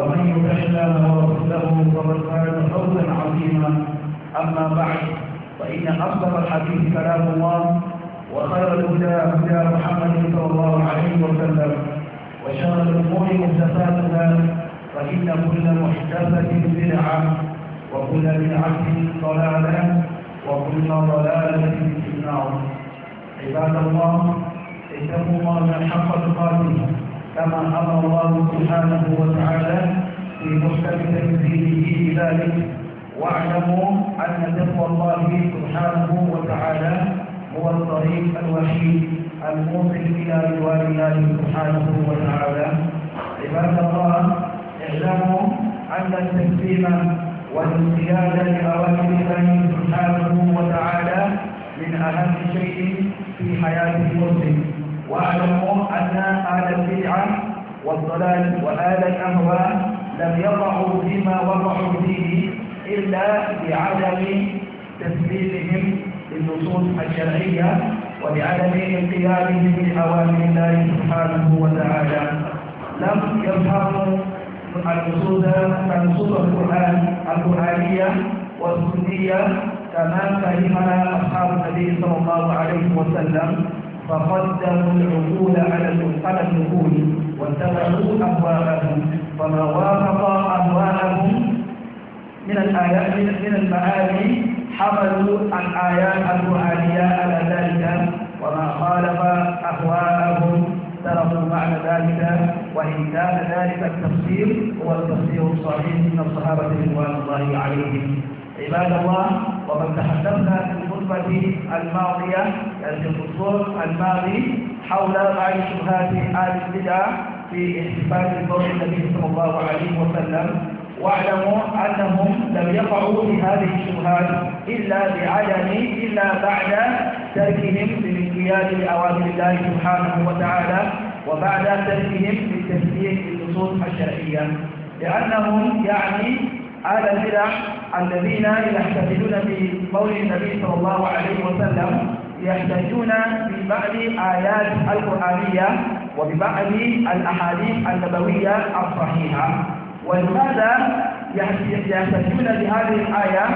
ومن يطع الله ورسوله فقد فاز فوزا عظيما اما بعد فان اصدق الحديث كلام الله وخير الهدى هدى محمد صلى الله عليه وسلم وشر الامور محدثاتها فان كل محدثه بدعه وكل بدعه ضلاله وكل ضلاله في النار عباد الله اتقوا الله حق تقاته كما أمر الله سبحانه وتعالى في محكم تنزيله بذلك واعلموا أن تقوى الله سبحانه وتعالى هو الطريق الوحيد الموصل إلى رضوان الله سبحانه وتعالى عباد الله اعلموا أن التسليم والانقياد لأوامر الله سبحانه وتعالى من أهم شيء في حياة المسلم واعلموا أن أهل البدعة والضلال واهل الأهواء لم يقعوا فيما وقعوا فيه إلا بعدم تسليمهم للنصوص الشرعية ولعدم انقيادهم لأوامر الله سبحانه وتعالى لم يفهموا النصوص النصوص القرآن القرآنية والسنية كما فهمها أصحاب النبي صلى الله عليه وسلم فقدموا العقول على على النقول واتبعوا أهواءهم فما وافق أهواءهم من الآيات من المعاني حملوا الآيات القرآنية على ذلك وما خالف أهواءهم تركوا معنى ذلك وإن كان ذلك التفسير هو التفسير الصحيح من الصحابة رضوان الله عليهم عباد الله ومن تحدثنا الخطبة الماضية يعني في الخطبة الماضي حول بعض شبهات آل البدع في احتفال بقول النبي صلى الله عليه وسلم واعلموا أنهم لم يقعوا في هذه الشبهات إلا بعدم إلا بعد تركهم لانقياد لأوامر الله سبحانه وتعالى وبعد تركهم لتسليم للنصوص الشرعية لأنهم يعني على البدع الذين يحتجون بقول النبي صلى الله عليه وسلم يحتجون ببعض آيات القرآنية وببعض الأحاديث النبوية الصحيحة ولماذا يحتجون بهذه الآية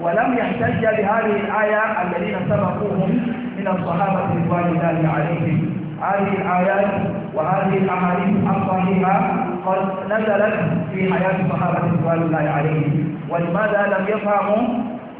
ولم يحتج بهذه الآية الذين سبقوهم من الصحابة رضوان الله عليهم هذه الآيات وهذه الأحاديث الصحيحة قد نزلت في حياة الصحابة رضوان الله عليهم ولماذا لم يفهموا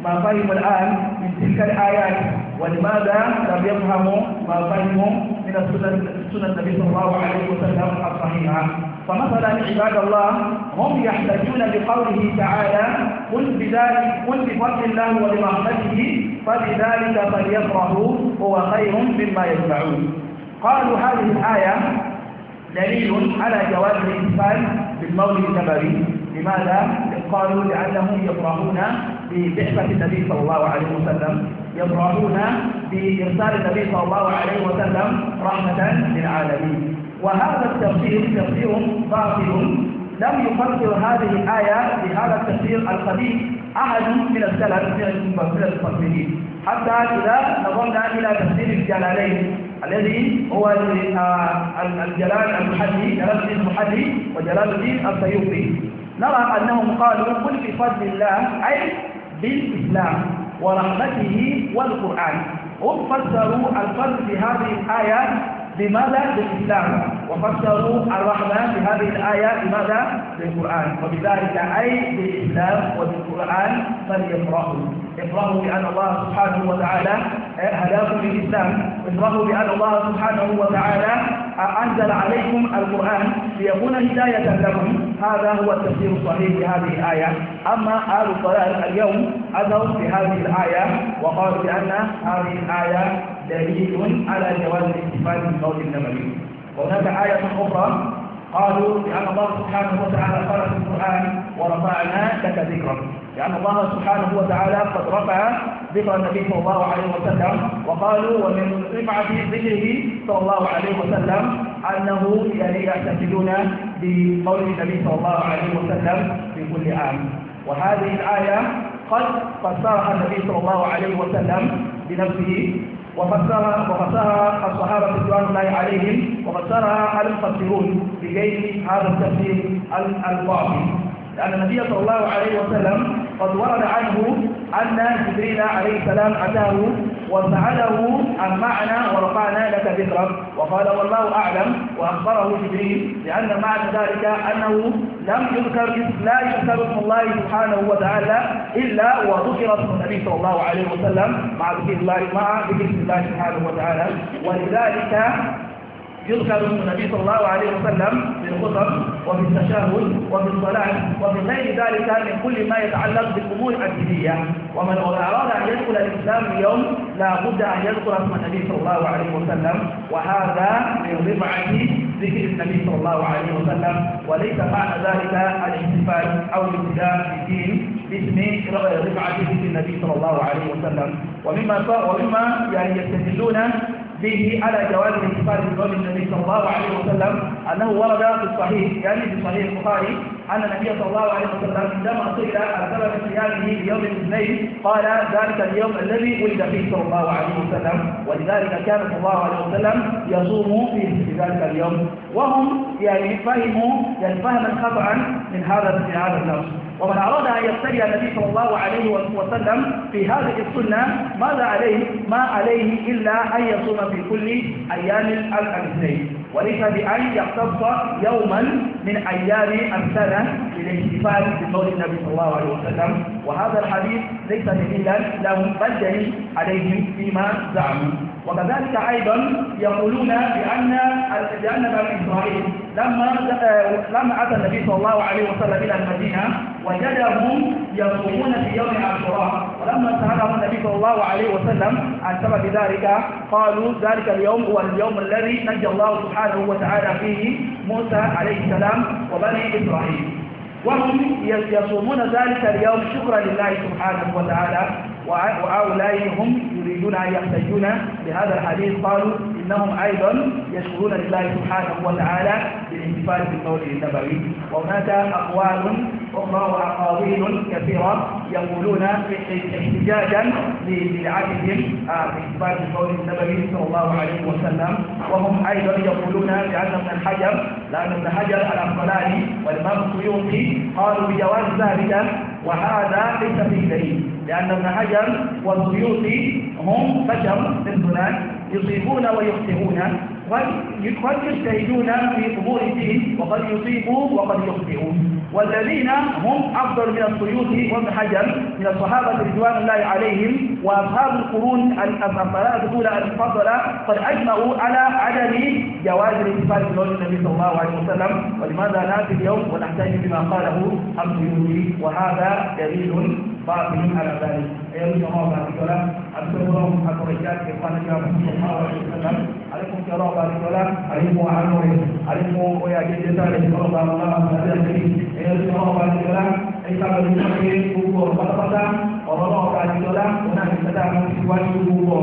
ما فهموا الآن من تلك الآيات ولماذا لم يفهموا ما فهموا من السنة سنة النبي صلى الله عليه وسلم الصحيحة فمثلا عباد الله هم يحتجون بقوله تعالى قل بذلك قل بفضل الله وبرحمته فبذلك فليفرحوا هو خير مما يدفعون قالوا هذه الآية دليل على جواز الاحتفال بالمولد النبوي لماذا؟ قالوا لأنهم يفرحون ببعثة النبي صلى الله عليه وسلم يفرحون بإرسال النبي صلى الله عليه وسلم رحمة للعالمين وهذا التفسير تفسير باطل لم يفسر هذه الآية بهذا التفسير القديم أحد من السلف من المفسرين حتى إذا نظرنا إلى تفسير الجلالين الذي هو آه، الجلال المحلي جلال الدين المحلي وجلال الدين السيوطي نرى أنهم قالوا قل بفضل الله أي بالإسلام ورحمته والقرآن هم فسروا الفضل في هذه الآية بماذا بالإسلام وفسروا الرحمة في هذه الآية بماذا بالقرآن وبذلك أي بالإسلام وبالقرآن فليقرأوا اقرأوا بأن الله سبحانه وتعالى اه، هداكم للإسلام اقرأوا بأن الله سبحانه وتعالى اه، أنزل عليكم القرآن ليكون هداية لكم هذا هو التفسير الصحيح لهذه الآية أما أهل الضلال اليوم أتوا بهذه الآية وقالوا بأن هذه الآية دليل على جواز الاحتفال بالموت النبوي وهناك آية أخرى قالوا لأن الله سبحانه وتعالى قال في القرآن ورفعنا لك ذكرا لأن الله سبحانه وتعالى قد رفع ذكر النبي صلى الله عليه وسلم وقالوا ومن رفعة ذكره صلى الله عليه وسلم أنه يعني يعتقدون بقول النبي صلى الله عليه وسلم في كل عام وهذه الآية قد فسرها النبي صلى الله عليه وسلم بنفسه وفسرها وفسرها الصحابة رضوان الله عليهم وفسرها المفسرون بغير هذا التفسير الباطل لأن النبي صلى الله عليه وسلم قد ورد عنه أن جبريل عليه السلام أتاه وفعله عن معنى ورفعنا لك ذكرك وقال والله أعلم وأخبره جبريل لأن معنى ذلك أنه لم يذكر لا يذكر اسم الله سبحانه وتعالى إلا وذكر اسم النبي صلى الله عليه وسلم مع ذكر الله مع ذكر الله سبحانه وتعالى ولذلك يذكر النبي صلى الله عليه وسلم في الخطب وفي التشهد وفي الصلاة وفي غير ذلك من كل ما يتعلق بالأمور الدينية ومن أراد أن يدخل الإسلام اليوم لا بد أن يذكر اسم النبي صلى الله عليه وسلم وهذا من ربعة ذكر النبي صلى الله عليه وسلم وليس بعد ذلك الاحتفال أو الابتداء في الدين باسم رفعه ذكر النبي صلى الله عليه وسلم ومما ومما يعني يستدلون به على جواز الانتقال من قول النبي صلى الله عليه وسلم أنه ورد في الصحيح يعني في صحيح البخاري أن النبي صلى الله عليه وسلم عندما سئل عن سبب صيامه ليوم الاثنين قال ذلك اليوم الذي ولد فيه صلى الله عليه وسلم ولذلك كان صلى الله عليه وسلم يصوم في ذلك اليوم وهم يعني فهموا يعني فهما خطأ من هذا من هذا النص ومن أراد أن يتبع النبي صلى الله عليه وسلم في هذه السنة ماذا عليه؟ ما عليه إلا أن يصوم في كل أيام الاثنين وليس بأن يختص يوما من أيام السنة للاحتفال بقول النبي صلى الله عليه وسلم وهذا الحديث ليس دليلا لهم بل عليهم فيما زعموا وكذلك أيضا يقولون بأن بأن بني إسرائيل لما لما أتى النبي صلى الله عليه وسلم إلى المدينة وجدهم يصومون في يوم عاشوراء ولما سألهم النبي صلى الله عليه وسلم عن سبب ذلك قالوا ذلك اليوم هو اليوم الذي نجى الله سبحانه وتعالى فيه موسى عليه السلام وبني إسرائيل وهم يصومون ذلك اليوم شكرا لله سبحانه وتعالى وأولئك هم يريدون أن يحتجون بهذا الحديث قالوا إنهم أيضا يشكرون لله سبحانه وتعالى بالاحتفال بالقول النبوي وهناك أقوال أخرى وأقاويل كثيرة يقولون احتجاجا لبدعتهم آه، بالاحتفال بالقول النبوي صلى الله عليه وسلم وهم أيضا يقولون بأن ابن الحجر لأن ابن حجر العقلاني والإمام السيوطي قالوا بجواز ذلك وهذا ليس فيه دليل لأن ابن حجر والسيوطي هم بشر مثلنا يصيبون ويخطئون وقد يجتهدون في ظهور الدين وقد يصيبوا وقد يخطئون والذين هم أفضل من السيوطي وابن حجر من الصحابة رضوان الله عليهم وأصحاب القرون الثلاثة الأولى الفضلة قد أجمعوا على عدم جواز الاتفاق بقول النبي صلى الله عليه وسلم ولماذا نأتي اليوم ونحتاج بما قاله السيوطي وهذا دليل وأبني على ذلك أيها الجماعة بارك الله أتقرأهم أترجاك إخوانا يا رسول الله عليه وسلم عليكم كرا بارك الله عليكم وعنوه عليكم ويا جدتا عليكم الله الله أبنى أيها الجماعة بارك الله إذا كنت تقول بوكور فتفتا ọ̀rọ̀lọ́ ọ̀gájọ́lá ọ̀nà ìṣẹ́dá àwọn ìwájú gbogbo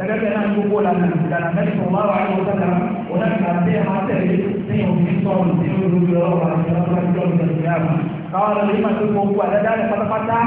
ọ̀rọ̀ gẹ́gẹ́ bí ẹ̀nà gbogbo lànà ìlànà mẹ́rin fún ọmọ àwọn àwọn ọ̀sán náà kà sí ẹ̀ma tẹ̀lé ní òfin sọ̀rọ̀ sí olùdókòwò ọ̀rọ̀ àti ọ̀rọ̀ àti ọ̀rọ̀ àti ọ̀rọ̀ káwọn ọ̀rọ̀ yìí máa tó gbogbo àdáda rẹ̀ pátápátá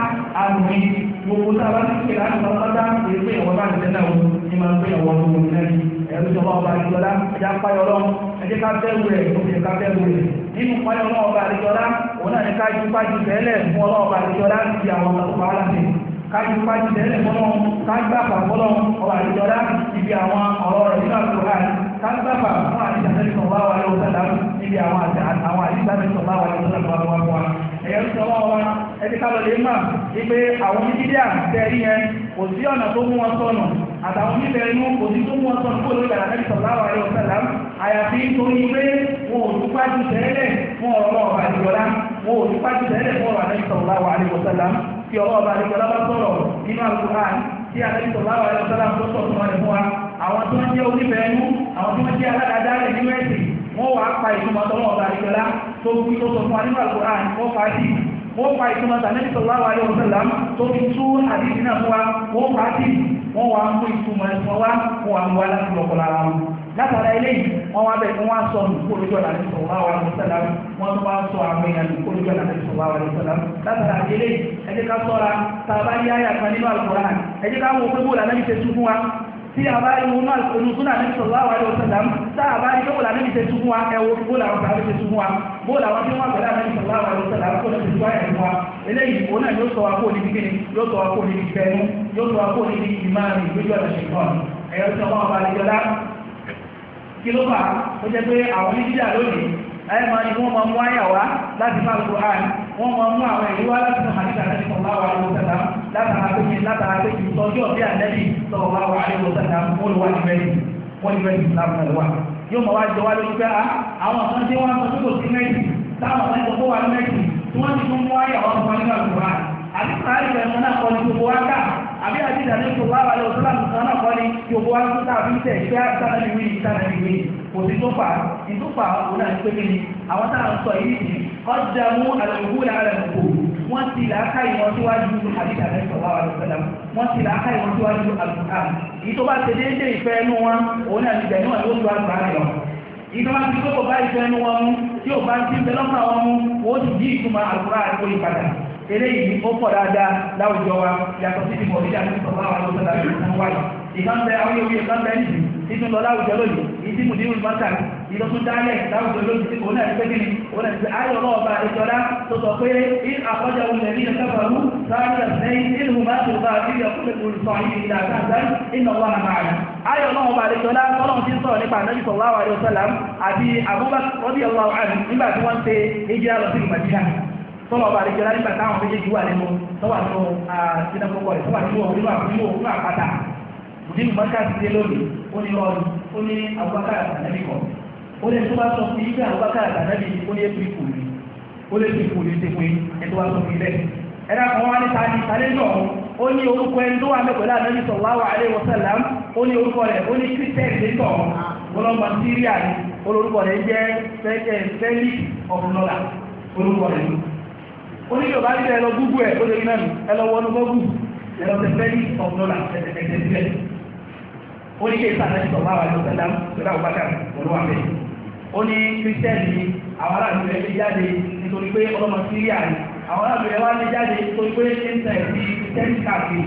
àmì gbogbo sábà ti kéde àti pátápátá èyí pé ìwọ náà tẹ̀lé àwọn ní máa ń pè ọ̀wọ́ gbogbo nílẹ̀ ẹ̀rú ìjọba ọba àdìjọlá ẹ̀já páyọ̀ ọlọ́run ẹ̀jẹ̀ ká bẹ́ẹ̀ wù rẹ̀ òfin ká bẹ́ẹ̀ wù rẹ̀ nínú páyọ̀ ọlọ́run ọba àdìjọlá òun náà ní ká ju pájú tẹ́lẹ̀ fún ọlọ́run àdìjọlá ti àwọn ọ̀pá aláṣẹ káyọ̀ pàdé tẹ́lẹ̀ mọ́nà kágbàfà mọ́nà ọba àdìjọ́dá ibi àwọn ọ̀rọ̀ rẹ̀ nínú àdúrà kágbàfà fún àdìjọ́dá ọba wa lọ́wọ́ sọ̀dá ibi àwọn àwọn àdìjọ́dá ọba wa lọ́wọ́ sọ̀dá wa wa. ẹ̀yẹ́ ń sọ́wọ́ wa ẹni ká lọ lè mà wípé àwọn onídìdí àtẹ̀rí yẹn kò sí ọ̀nà tó mú wọn sọnù àtàwọn oníbẹ̀rẹ̀ inú kò sí tó mú wọn sọnù kóòlù ìgbàlá tẹ́lẹ̀ sọ̀rọ̀ àwọn ẹ̀rọ sẹ̀lá àyàfi nítorí pé wọn ò tún pàjù tẹ́lẹ̀ fún ọ̀rọ̀ ọ̀bàdìyọ́lá wọn ò tún pàjù tẹ́lẹ̀ fún ọ̀rọ̀ àtẹ́lẹ̀ sọ̀rọ̀ àwọn ẹ̀rọ tí ọlọ́ọ̀bá àdìgbọ́lá bá sọ̀rọ̀ nínú àlùkùránì tí àdìgbò láwà ẹ̀rọ sọ́lá tó sọ̀ fún ọ̀rẹ́ fún wa àwọn tó ń jẹ́ onífẹ̀ẹ́nu àwọn tó ń jẹ́ alágàdá rẹ̀ nínú ẹ̀sìn wọ́n wàá pa ìtumọ̀ tọ́lọ́ọ̀bá àdìgbọ́lá tó kú tó sọ fún wa nínú àlùkùránì wọ́n fa sí wọ́n fa ìtumọ̀ tàbí sọ̀lá wa yọ̀ sọ̀lá tó fi tú àdìgbò náà fún wa wọ́n fa sí wọ́n wàá mú ìtumọ̀ ẹ̀sìn wa wọ́n wàá mú wa láti lọ́kọ̀ lára wọn látara eléyìí wọn wá bẹ wọn wá sọ olùkóòlójọ náà ní sọlá wa ní sọlá wọn tún wá sọ àwọn èèyàn olùkóòlójọ náà ní sọlá wa ní sọlá látara eléyìí ẹ jẹ́ ká ṣọ́ra tá a bá àyà kan nínú Al-Qur'an ẹ ká wọ pé bóòlù ṣe tún fún wa tí a bá rí wọn olùsúnà ní sọlá wa ní sọlá tá a bá rí bóòlù anábì ṣe tún fún wa ẹ wo bóòlù àwọn ṣe tún fún wa bóòlù àwọn tí wọn pẹ̀lú anábì sọlá wa kó lọ sí fún àyà fún wa eléyìí kí ló fà ó jẹ́ pé àwọn onídíjà lónìí ẹ máa ní wọ́n máa mú àyà wá láti máa lò hàn wọ́n máa mú àwọn ìlú wá láti máa nígbà láti sọ̀rọ̀ àwọn àlejò sẹ́ta látara pé kí látara pé kí tọ́jú ọ̀bí ànẹ́bí sọ̀rọ̀ àwọn àlejò sẹ́ta wọ́n lè wá ní bẹ́ẹ̀ wọ́n ní bẹ́ẹ̀ ìsìlámù náà wà yóò máa wá jọ wá lórí pé ah, àwọn kan tí wọ́n sọ pé kò sí mẹ́tì táwọn kan sọ pé wà mẹ́tì tí wọ́n ti tún mú àyà wá fún wa nígbà àbí àdìdà ní ìṣòwò àwọn ọ̀sán láti náà kọ́ ní yòówó wá sí tàbí tẹ̀ ṣé àtàlẹ́ ìwé ìtàlẹ́ ìwé kò sí tó fà tó fà òun náà pé kíni àwọn táà ń sọ yìí ni ọjà mú àlòkù ní àlòkù wọ́n ti làákà ìwọ̀n síwájú àdìdà ní ìṣòwò àwọn ọ̀sán wọ́n ti làákà ìwọ̀n síwájú àlòkù èyí tó bá ṣe déédéé ìfẹ́ inú wọn òun náà ti bẹ̀rẹ̀ wọn ló ju àgbà lọ ìjọba ti kókò bá ìfẹ́ inú wọn mú tí ò bá ti bẹ lọ́kàn wọn mú wọ́n ti yí ìtumọ̀ àlùkò àti olùpadà eléyìí ó pọ̀ dáadáa láwùjọ wa yàtọ̀ sí ti mọ̀lẹ́dà ní sọ̀rọ̀ àwọn ọ̀sán láti fún wáyé ìkànnì àwọn yòówì ìkànnì ẹ̀yìn nínú lọ láwùjọ lónìí ìdí mùdí ìlú mọ́tà ìlọ́tún dálẹ̀ láwùjọ lónìí òun náà ti pé kíni òun náà ti pé ayọ̀ náà ọba ìjọba tó sọ pé in àkọ́jà olè ní ìjọba sáré lẹ́yìn nínú mọ́tò bá a bíbí ọkùnrin olùsọ ayé ìlà àtàtà iná wà hàn máa rẹ̀. ayọ̀ náà ọba ìjọba tọ́lọ́run ti ń sọ̀rọ̀ nípa anábì sọ̀rọ̀ àwọn àyọ̀sọ̀lá àti àbúbá rọ́bì ọ̀lá tọ́lọ̀ ọba àdìjọ láti bàtà àwọn méjèèjì wà nínú tọ́wà nínú àtìdánpọ̀pọ̀ rẹ̀ tọ́wà nínú òun nínú òun àpáta ìdílù mọ́ká ti dé lónìí ó ní ọdún ó ní Abubakar àtànẹ́bì kan ó lè tó bá sọ fún ibi Abubakar àtànẹ́bì ó ní ètò ìkù rí ó lè tó ìkù rí ti pin ẹ̀tọ́ wa sọ fún ilẹ̀ ẹ̀rọ kan wá ní tani tani náà ó ní orúkọ ẹni tó wà mẹ́kọ̀ọ́ láàrin sallallahu alaihi wasallam ó ní orúkọ rẹ̀ ó ní kírísítẹ́ẹ̀lì lẹ́tọ̀ ọlọ́mọ síríà ni olórúkọ rẹ̀ jẹ́ fẹ́lí ọ̀fúnọ́là olórúkọ rẹ̀ oníṣòwò bá nílẹ̀ ẹlọ gúgú ẹ̀ ó lè rí mẹ́rin ẹlọ wọnú gọ́gù ẹlọ tẹ̀fẹ́lì ọ̀nọ́là tẹ̀tẹ̀tẹ̀tẹ̀ ó ní kéésà náà sọ̀rọ̀ àwọn àjọ sẹ́dá pẹ̀lú àwọn bàtà pẹ̀lú àwọn abẹ́ ó ní kírísítẹ́nì ni àwọn aráàlú rẹ̀ lè jáde nítorí pé ọlọ́mọ síríà ni àwọn aráàlú rẹ̀ wá lè jáde nítorí pé ẹ̀ńtà ẹ̀sìn kírísítẹ́nì káàkiri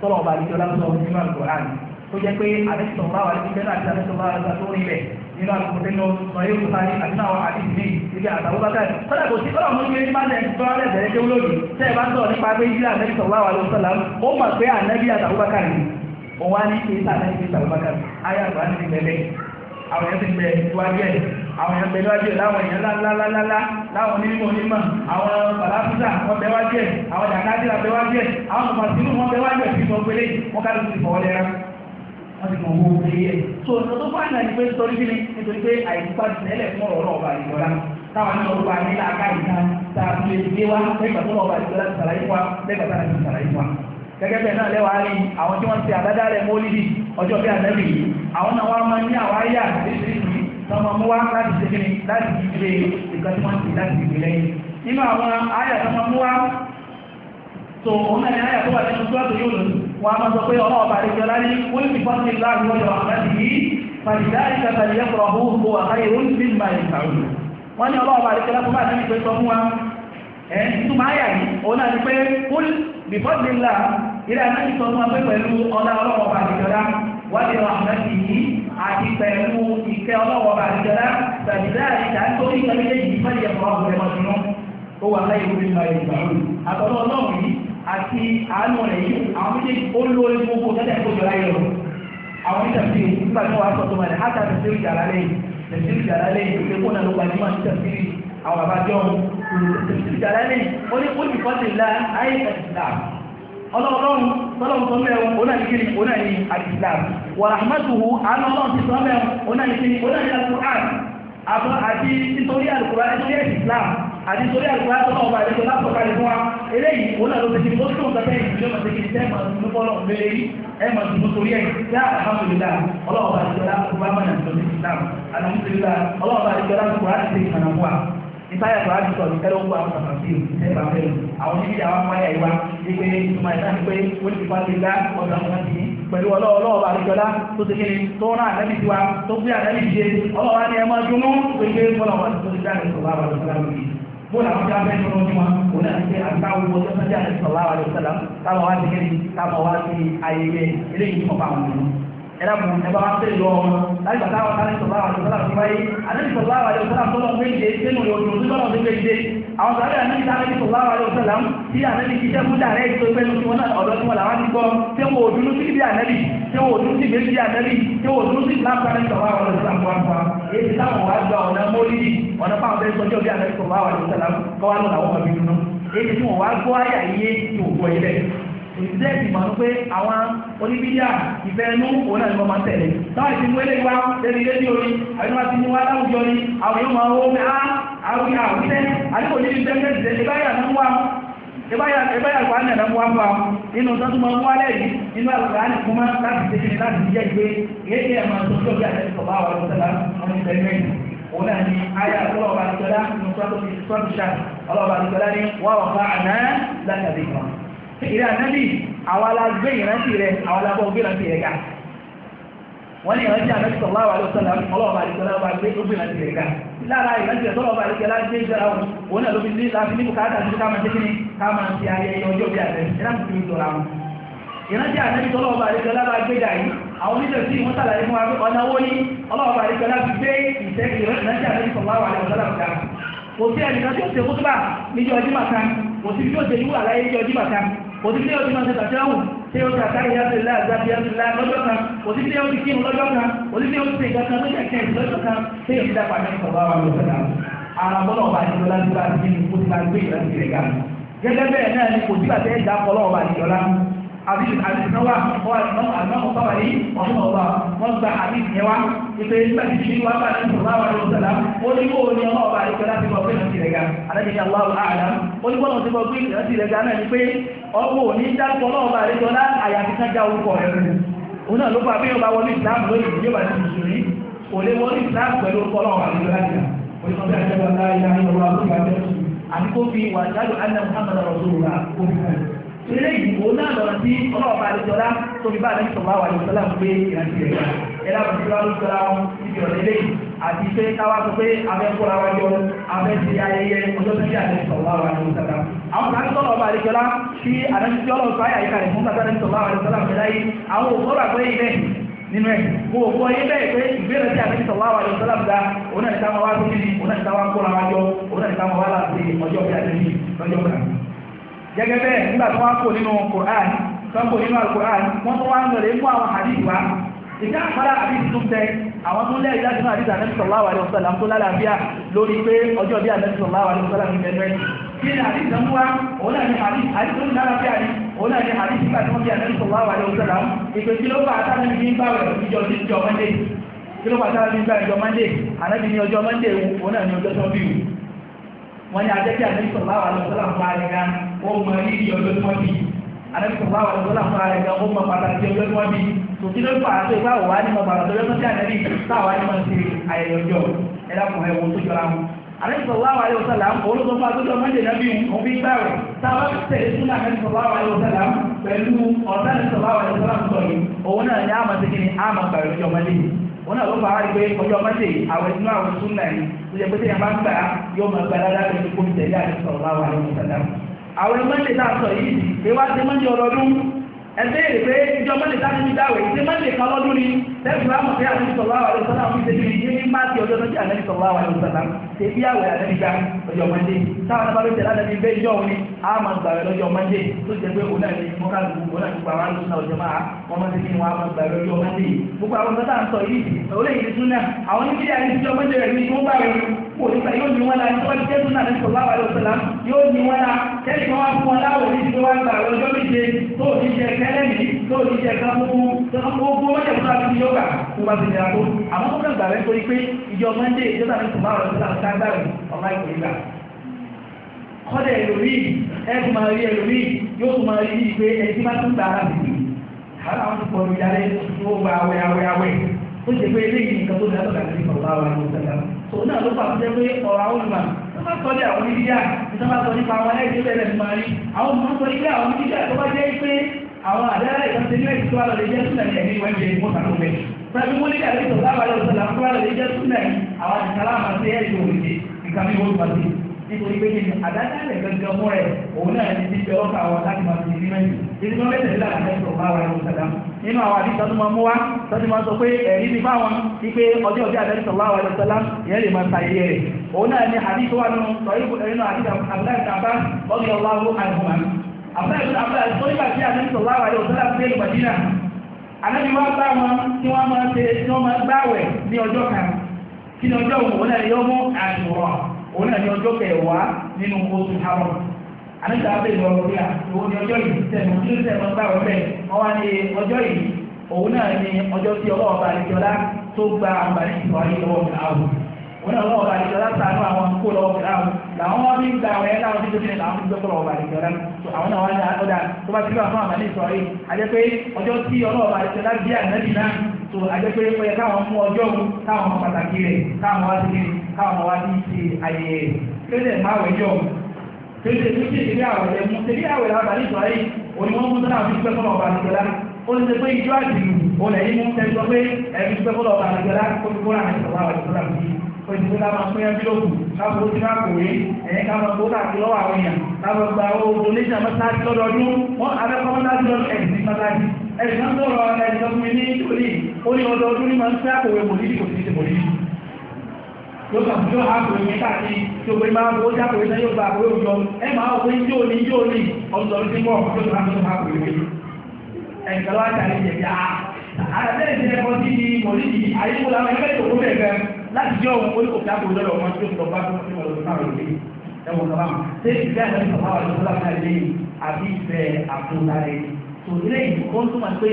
tọ́lọ̀ ọba àdìjọ lásán nínú àlùkò hàn tó jẹ́ pé àdìsọ̀ bá wà níbi tẹ́lá àti àdìsọ̀ bá wà tó rí bẹ̀ nínú àlùkò tẹ́lọ sọ yóò kúta ní àdínà àwọn àdìsí ibi àtàwọn bàtà kọ́lá kò sí kọ́lá mú ní bá lẹ̀ tó rẹ̀ bẹ̀rẹ̀ tó lónìí tẹ́ ẹ bá sọ nípa pé ilé àdìsọ̀ bá wà lọ́sọ̀lá ó mọ̀ pé ànábì àtàwọn bàtà rẹ̀ àwọn èèyàn ti gbẹ ìwájú ẹ̀ àwọn èèyàn gbẹ níwájú ẹ̀ láwọn èèyàn lálálálá láwọn onímọ̀ onímọ̀ àwọn bàláfúsà wọn bẹ wájú ẹ̀ àwọn jàkádìrà bẹ wájú ẹ̀ àwọn mọ̀mọ́sínú wọn bẹ wájú ẹ̀ fi sọ pé wọ́n ká ló ti fọwọ́ lẹ́ra wọ́n ti mọ̀ owó orí ẹ̀ tó ọ̀nà tó fáìnà ni pé nítorí kí ni nítorí pé àìsípa ìtẹ́lẹ̀ fún ọ̀rọ̀ ọ̀rọ̀ ọba àdìgbọ́lá táwọn náà ọba nílà aká ìta tá a fi lè gbé wá lẹ́gbàá tó ọba àdìgbọ́lá ti sàlàyé wa lẹ́gbàá tó àdìgbọ́lá gẹ́gẹ́ bẹ́ẹ̀ náà lẹ́wàá rí àwọn tí wọ́n ti àdádálẹ̀ mólídì ọjọ́ bí ànábì yìí àwọn náà wọ́n máa ní àwọn àyà lóṣìṣì tọmọ mú wá láti ṣe kíni láti ṣe nǹkan tí wọ́n ti láti ṣe lẹ́yìn nínú àwọn àyà tọmọ mú wá tó òun náà ní àyà tó wà nínú sọ́ọ̀tù yóò lò wọ́n á máa sọ pé ọlọ́ọ̀bà àdéjọ láyé wọ́n ti fọ́n sí láàrin wọ́n yọ àkàtì yìí fàdíláìka fàdílẹ́kọ̀ọ́ ọ̀hún kó àkáyé ó ti máa ń kàwé wọ́n ní ọlọ́ọ̀bà àdéjọ lápá bá àdéjọ sọ fún wa ẹ̀ tó máa yà yìí òun náà ti pé kúl bìfọ́sílá ilé àdéjọ sọ fún wa pé pẹ̀lú ọlá ọlọ́ọ̀bà àdéjọ láyé wọ́n lọ àmọ́tì yìí àti pẹ̀lú ìfẹ́ ọlọ́wọ́ bá àdìjọ́lá tàbílẹ̀ àdìjà nítorí ìfẹ́ méjèèjì fẹ́lẹ̀ ẹ̀fọ́ ọ̀gbẹ́ mọ́túnú ó wà láyé orí ìgbà ìgbà òru àtọ́lọ́ ọlọ́run yìí àti àánú rẹ̀ yìí àwọn méjèèjì ó lórí gbogbo tẹ́tẹ́ ìkójọ láyé lọ àwọn ìtàkì nígbà tí wọ́n á sọ tó máa hátà tẹ̀síìrì jàlá lẹ́yìn tẹ̀síìrì ọlọ́run tọ́lọ́run tó mẹ́rin onáyíkiri onáyí al-Islam wà rahmatuhu àánú ọlọ́run ti sọ mẹ́rin onáyíkiri onáyí al-Qur'an àbọ̀ àti nítorí al-Qur'an nítorí ẹ̀sìn Islam àti nítorí al-Qur'an tọ́lọ́ ọba àdéjọ lápọ̀ká lè fún wa eléyìí onáyíkiri tó ti mọ́ tó ń tẹ́tẹ́ ìdílé ọmọ tẹ́kì tẹ́ ẹ̀mọ̀ tó ń fọ́lọ́ mẹ́lẹ́ yìí ẹ̀mọ̀ tó ń torí ẹ̀ yá alhamdulillah ọlọ́run ọba àdéjọ lápọ̀ká mọ́nà tó ti Islam alhamdulillah ọlọ́run ọba àdéjọ lápọ̀ká ti nítorí àti wàá dùkọ̀ nìkan ló ń kó àwọn kàkà sí ẹ̀bà bẹ́ẹ̀ àwọn níbi àwọn ọmọ ayé wa ní pé ìtumọ̀ ìtàn pé wọ́n ti fàṣẹ ìlà ọ̀dọ̀ àwọn ti pẹ̀lú ọlọ́ọ̀lọ́ọ̀bà àríjọlá tó ti kéde tó rán àtẹ́bí tiwa tó gbé àtẹ́bí ṣe ọlọ́wà ni ẹ máa dúnú pé pé fọlọ́wà tó ti dáhùn ìṣòwò àwọn ìṣòwò àwọn ìṣòwò bóòlù àwọn tí a fẹ́ nínú ní wọn òun náà ṣe àtàwọn owó tó sọ́jà àti sọ̀rọ̀ àwọn àlùfẹ́lá táwọn wá ti kéde táwọn wá ti ayẹyẹ eléyìí fọ́pá àwọn ènìyàn ẹ̀rọ kù ẹ̀bá wá sílẹ̀ lọ́wọ́ wọn láti bàtà wọn sáré sọ̀rọ̀ àwọn àjọṣọ́lá tó báyé àdébí sọ̀rọ̀ àwọn àjọṣọ́lá tó lọ́wọ́ méje sínú ìròyìn òdúgbò náà tó méje àwọn sáré àdébí sáré sọ̀rọ̀ àwọn àjọṣọ́lá tí àdébí iṣẹ́ fún dàrẹ́ ètò ìpẹ́nu tí wọ́n náà ọ̀dọ́ tí wọ́n làwọn ti gbọ́ tí wọ́n òdúró sí ibi àdébí tí wọ́n òdúró sí ìgbésí àdébí tí wọ́n òdúró sí ìlànà sáré sọ̀rọ̀ àwọn àjọṣọ́lá ń pa èyí táwọn wá gba ọ̀nà mólídì ọ̀nà fáwọn fẹ́ sọjọ́ bí àdébí sọ̀rọ̀ àwọn àjọṣọ́lá kọ́wá lọ́nà àwọn ọmọ mi dunu èyí tí wọ́n wá gbọ́ àyà yé tí ò ìdílé ìmọ̀ ló pé àwọn oníbíyà ìfẹ́ inú òun náà ni wọ́n máa ń tẹ̀lé táwọn ìsinmi wọlé wa lẹ́nu ilé ní orin àbí wọ́n ti mú wa láwùjọ ni àwọn yóò máa wọ́n mi á ah, àwùjọ àwùjẹ́ àdúgbò ní ibi tẹ́lẹ̀ tẹ́lẹ̀ tẹ́lẹ̀ báyà náà wà ìbáyà kò ánà lọ́wọ́ wá nínú tó túnmọ̀ wọ́n lẹ́ yìí nínú àlùkàánì fún máa láti ṣe kìnnì láti jẹ́ ìgbé yéèké ẹ̀mà tó tó bí àti ìsọ̀bá àwọn ọ̀sẹ̀lá wọn ti tẹ̀lé mẹ́rin òun náà ni ayé àtọ́lọ́ọ̀bà àti ọ̀dá nínú tó tó fi sọ́ọ̀tù ṣáà ọlọ́ọ̀bà àti ọ̀dá ní wọ́n wà fún àná láti àdéhùn ìrẹ́ ànábì àwọn alágbé ìrántí rẹ̀ àwọn alábọ̀ gbé ìrántí rẹ̀ ga wọ́n ní ìrántí ànábì sọ̀rọ̀ àwọn àlọ́sọ̀lá ọlọ́ọ̀bà àdìsọ́lá ọba gbé gbé ìrántí rẹ̀ ga lára ìrántí rẹ̀ sọ́lọ́ọ̀bà àdìsọ́lá gbé ìjọra wọn òun náà ló fi láti ní bùkátà sí ká ṣe kíni ká máa ṣe ayẹyẹ ọjọ́ bí àtẹ ìrántí ànábì sọlọ́ọ̀bà àdìsọ́lá bá gbé dà yìí àwọn oníṣẹ́sí wọn sàlàyé fún òtí tí ó ti máa ṣe tàjáwù tí ó ti àtàrí yá sílẹ̀ àgbàbí yá sílẹ̀ lọ́jọ́ kan òtí tí ó ti kírun lọ́jọ́ kan òtí tí ó ti ṣe ìgbàkan tó jẹ́ kẹ́ẹ̀sì lọ́jọ́ kan tí ó ti dá pàdé ìṣọ̀rọ̀ àwọn olùsọ̀dá ara bọ́lá ọba àti ìjọba ti bá ti ní kó ti máa gbé ìrántí rẹ̀ ga gẹ́gẹ́ bẹ́ẹ̀ náà ni kò sí àtẹ́ ìjà kọlọ́ ọba àti ìjọba àbí àdìsánwà wọn àdìsánwà àdìsánwà sábà yìí ọdún ọba wọn gba àbí ìyẹn wa ìpè nígbà tí ìṣèlú wa bá ní ìṣòro àwọn ọdún sàlá ó ní kó o ní ọmọ ọba àdìsánwà ti bọ pé ìrántí rẹ̀ ga alájẹjẹ aláwọ àlá ó ní kó o ti bọ pé ìrántí rẹ̀ ga náà ni pé ọmọ òní dákọ̀ náà bá rí lọ́lá àyàfi kan já orúkọ rẹ̀ rú òun náà ló fà bí yóò bá wọlé ìsìlámù lórí yóò bá ti mùsùlùmí kò lè wọlé ìsìlámù pẹ̀lú orúkọ náà wà lórí láti àdìgbò fi wà jáde anna muhammad rasulullah eléyìí òun náà lọ sí ọlọ́ọ̀bá àdìjọ́lá tóbi bá àdìjọ́lá wà lórí sọ́lá pé ìrántí rẹ̀ wá ẹ̀dá kò sí wá ló sọra wọn níbi ọ̀rẹ́ lẹ́yìn àti pé káwá sọ pé abẹ́kọ́ra wa jọ abẹ́sí ayẹyẹ ọjọ́ tó ń yà lẹ́yìn sọ̀rọ̀ wa ló sọ̀rọ̀ àwọn kan sọ̀rọ̀ ọba àdìjọ́lá tí àdájọ́ lọ sọ àyàyíká rẹ̀ fún kàtà lẹ́yìn sọ̀rọ̀ wa ló sọ̀rọ̀ àmì láyé àwọn òkúrò àgbẹ̀ yìí bẹ́ẹ̀ nínú ẹ̀ kó o kọ́ yé bẹ́ẹ̀ pé ìbéèrè tí àti sọ̀rọ̀ àwọn àjọ sọ́lá gba òun náà ní táwọn wá tóbi òun náà ní táwọn kóra wájọ òun náà ní táwọn wá láti ọjọ́ bí àti lọ́jọ́ kan. gẹ́gẹ́ bẹ́ẹ̀ nígbà tí wọ́n á kó nínú Qur'an tí wọ́n kó nínú Al-Qur'an wọ́n tún wá ń lọlé mú àwọn ìjà àpárá àdìsí tó ń tẹ àwọn tó lẹ́yìn láti máa àdìsí àdìsí sallallahu alaihi wasallam tó lálàáfíà lórí pé ọjọ́ bí àdìsí sallallahu alaihi wasallam ní ẹgbẹ́ kí ni àdìsí ń wá òun náà ní àdìsí tó ń lálàáfíà ní òun náà ní àdìsí nígbà tí wọ́n bí àdìsí sallallahu alaihi wasallam ìpè kí ló bá àtàlẹ́ ní bá rẹ̀ ìjọ ìjọ mọ́ndé kí ló bá àtàlẹ́ ní bá ìjọ mọ́ndé ànábì ní ọjọ́ mọ́ndé òun náà ní ọjọ́ tó bí wọ́n ní àjẹ́kí àdìsí sallallahu alaihi wasallam anabi sọ̀rọ̀ àwọn ọ̀dọ́ náà fúnra rẹ̀ gan ó mọ pàtàkì ọjọ́ tí wọ́n bí tòtí ló fà á tó ìgbà wà ní mọ̀gbàrà tó lọ́sọ̀tì ànábì táwa ní máa ń ṣe ayẹyẹ ọjọ́ ẹ̀dá kan ẹ̀wọ̀n tó jọra wọn. anabi sọ̀rọ̀ àwọn ayẹyẹ ọ̀sán làwọn olóòtú fún àtúntò mọ́jẹ̀ náà bí òun fi gbà rẹ̀ táwa tẹ̀lé súnà anabi sọ̀rọ̀ àwọn ayẹyẹ ọ̀sán làwọn pẹ̀lú ọ̀sán sọ̀rọ̀ àwọn ayẹyẹ ọ̀sán sọ̀rọ̀ òun náà ní àmọ̀ sẹ́kìnì àmọ̀ gbàrú ọjọ́ mọ́lẹ̀ wọn náà ló fà á rí pé ọjọ́ mọ́tè àwọn inú àwọn súnà yìí tó yẹ pé sẹ́yìn máa ń gbà yóò máa gbà ládàá lórí kó tẹ̀lé àti sọ̀rọ̀ láwọn àwọn ọ̀sán náà àwọn mọ́ndé tá a sọ yìí pé wá sí mọ́ndé ọlọ́dún ẹgbẹ́ èrè pé ìjọ mọ́ndé tá a ti dáwẹ̀ sí mọ́ndé kan lọ́dún ni lẹ́gbẹ̀rún àmọ̀ pé àti sọ̀rọ̀ àwọn ọ̀rẹ́ sọ́dá fi tẹ̀lé ní ní má ti ọjọ́ náà tí ànẹ́bí sọ̀rọ̀ àwọn ọ̀rẹ́ sọ̀dá ṣe bí àwẹ̀ ànẹ́bí gba ọjọ́ mọ́ndé táwọn ọba ló tẹ̀lé ànẹ́bí bẹ́ẹ̀ jọ ni a máa gbà rẹ lọ́jọ́ mọ́ndé tó jẹ́ pé òun náà ni mọ́ká gbogbo náà gbogbo àwọn àlùsùn náà ọjọ́ máa wọ́n máa ti fi wọn a máa gbà rẹ lọ́jọ́ mọ́ndé gbogbo àwọn ọ̀gá tá à ń sọ yìí olóyìn ní súnà àwọn oníkíyà ní ìjọ mọ́ndé rẹ̀ ní wọ́n bá rẹ̀ kò nípa yóò ní wọn la yóò ní wọn la kẹ́yìn wá fún aláwọ̀ ní ti wá gbà lọ́jọ́ méje tó ti jẹ kẹ́lẹ́mì tó ti jẹ kánfún gbogbo ọjọ́ tó láti yóò gbà tó bá ti jẹ àgbo àmọ́ tó kàn gbà rẹ̀ torí pé ìjọ mọ́ndé ìjọba ní tòmá rẹ̀ sílá ká gbà rẹ̀ ọmọ ìpè gbà. kọ́dẹ̀ ẹlòmíì ẹ̀kú máa rí ẹlòmíì yóò tún máa rí bíi pé ẹni tí bá tún gbà á bìbì àwọn àwọn pọ̀ ní ìyálé tó tó bá sọ ní àwọn onídíjà tó bá sọ nípa àwọn ẹgbẹ́ bẹ̀rẹ̀ ní máa rí àwọn ọmọ sọ nípa àwọn onídíjà tó bá jẹ́ pé àwọn àdáyà ìtọ́sí ní ẹ̀sìn tó wà lọ́dẹ jẹ́ súnà ní ẹ̀mí wọn jẹ́ ìmú sàkó mẹ́. pẹ̀lú mú nígbà tó sọ̀rọ̀ àwọn ọ̀sán làwọn tó wà lọ́dẹ jẹ́ súnà àwọn àdìsálàmà sí ẹ̀sìn òwòye nítorí pé kí ni àdájọ́ rẹ̀ gangan mọ́ rẹ̀ òun náà ti fi ọkọ̀ àwọn láti máa fi ìrìnà yìí ìdí wọn mẹ́tẹ̀ẹ́ lílà àti ẹ̀sọ̀ bá wa ẹ̀wọ̀n sàdá nínú àwọn àdìsá tó máa mú wa tọ́jú máa sọ pé ẹ̀rí ni bá wọn ti pé ọjọ́ ọjọ́ àdájọ́ sọ̀rọ̀ àwọn ẹ̀wọ̀n sàdá ìyẹn lè máa ta iye rẹ̀ òun náà ni àdìsó wa nínú sọ̀rọ̀ nínú àdìsá àbúrà ọ̀gbìn ọ̀làwọ̀ àìmọ̀ àbúrà àbúrà tó nígbà tí àdájọ́ sọ̀rọ̀ àwọn ẹ̀wọ̀n sàdá gbé ìgbàdínà àlejò wa bá kan kí ni ọjọ́ òun wọlé yọmú àtùwọ̀ òun náà ní ọjọ́ kẹwàá nínú oṣù haram àníta abẹ́ ìlú ọ̀rọ̀ bíà òun ní ọjọ́ yìí tẹ̀mú tí ó tẹ̀mú ń bá wọn bẹ́ẹ̀ wọ́n wá ní ọjọ́ yìí òun náà ní ọjọ́ tí ọlọ́wọ́ bá àlejò ọlá tó gba àǹfààní ìfọ̀ lọ́wọ́ fìlàwọ̀ òun náà lọ́wọ́ bá àlejò ọlá sànú àwọn kó lọ́wọ́ fìlàwọ̀ làwọn wọn bí ń gba àwọn ẹ̀rọ àwọn títí ní làwọn gbé kọ́lọ̀ ọba àlejò ọlá àwọn náà wọn náà ah, ọ̀dà tó bá ti bá fún àǹfààní ìfọ̀ ayé pé ọjọ́ tí ọlọ́wọ́ bá àlejò ọlá bí ànábì náà tó àjẹ́ pé ó yẹ káwọn mú ọjọ́ òun káwọn pàtàkì rẹ̀ káwọn wá sí káwọn wá ní ti ayé kéde máwẹ̀ yọ kéde tó ṣe ìdílé àwẹ̀ yẹ mú tẹ̀lé àwẹ̀ làwọn àbí ìtọ́ ayé òní wọ́n mú tọ́lá àbí ìgbẹ́ fọlọ́ ọba àdìgbẹ́lá ó ti ṣe pé ìjọ àdìgbù òun ẹ̀yìn mú tẹ̀lé sọ pé ẹ̀mí ìgbẹ́ fọlọ́ ọba àdìgbẹ́lá ó ti kó láàrin ìtọ́lá àwẹ̀ ìtọ́lá òyìnbó la máa pín ẹbí lókù káàbò tí máa kò rí ẹ̀yìn ká máa gbóná àti lọ́wọ́ àwọn èèyàn káàbò gba owó donation mọ́sáàtì lọ́dọọdún wọ́n abẹ́kọ́ mọ́sáàtì lọ́dún ẹ̀sìn ní mọ́sáàtì ẹ̀sìn náà sọ̀rọ̀ ẹ̀sìn ọkùnrin ní ìtòlí ó ní ọdọọdún ní máa ń fẹ́ àkòwé mòlídì kò sí ti mòlídì yóò kà yóò ha kò yẹ káàkiri tó pé máa bó já pé yóò gba àpò yóò ẹ máa wọ ijó ni ijó ni ọ̀sọ̀ ní bọ̀ yóò kà fún yóò ha kò yẹ ẹ̀ka wá tà ní ìjẹ̀jà àtẹ̀lẹ̀ ti ẹ̀kọ́ sí ni mọ̀lì yìí wọn ẹgbẹ́ ìtòkó bẹ̀ẹ̀ bẹ́ẹ̀ láti jẹ́ òun ó ní òkè àpò lọ́dọ̀ wọn tó sọ sọ bá tó ẹ̀wọ̀n kàwá ṣé ìfẹ́ tòlílẹ yìí ó ń túmọ̀ pé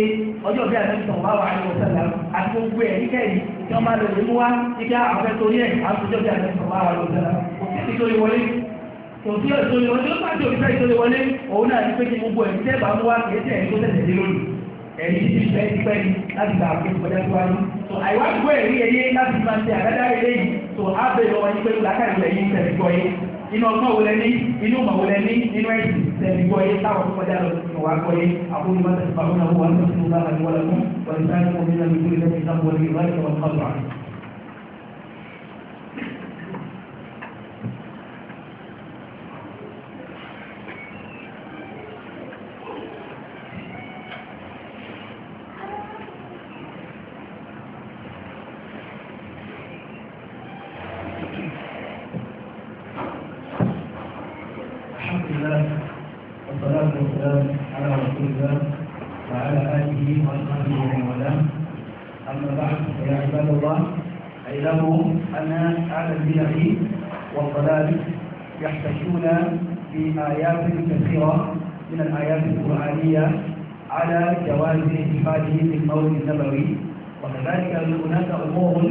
ọjọ́ bí àtẹ̀sán wà wà ní ọ̀sẹ̀lá àti gbogbo ẹ̀ níkẹ́yìn tí wọ́n bá lè mú wá nígbà àwọn torí ẹ̀ àtúnjọ́ bí àtẹ̀sán wà wà ní ọ̀sẹ̀lá òfin ìtòlè wọlé tòtí ìtòlè wọlé ó pàṣẹ òfin ìtòlè wọlé òun náà ní pé kí gbogbo ẹ̀ tẹ́ bá mú wá kìí tẹ̀ ẹ̀ tó tẹ̀lé dé lónìí ẹ̀rí ti fẹ́ pẹ́ ní láti gba àpò ìpọ́jà tó wáyé tó àìwá gbọ́ ẹ̀rí ẹyẹ láti máa ṣe àdáda eléyìí tó á bẹ̀rẹ̀ wọn ní pẹ̀lú làákàyè ẹ̀yìn tẹ̀lé gbọ́ yẹn inú ọgbọ́n wo lẹ ní inú ọmọ wo lẹ ní inú ẹ̀sìn tẹ̀lé gbọ́ yé táwọn tó kọjá lọ sínú wa gbọ́ yé àkóyè má tẹ̀síwájú náà wọ́n wà lọ́sọ̀rọ̀ láwọn ìwọ́lẹ̀ fún wọ́n ti sáré fún mi náà nítorí lẹ́sìn náà wọ́n lè ráyè wọn kọ́ يحتجون بآيات كثيرة من الآيات القرآنية على جواز احتفاله بالمولد النبوي وكذلك هناك أمور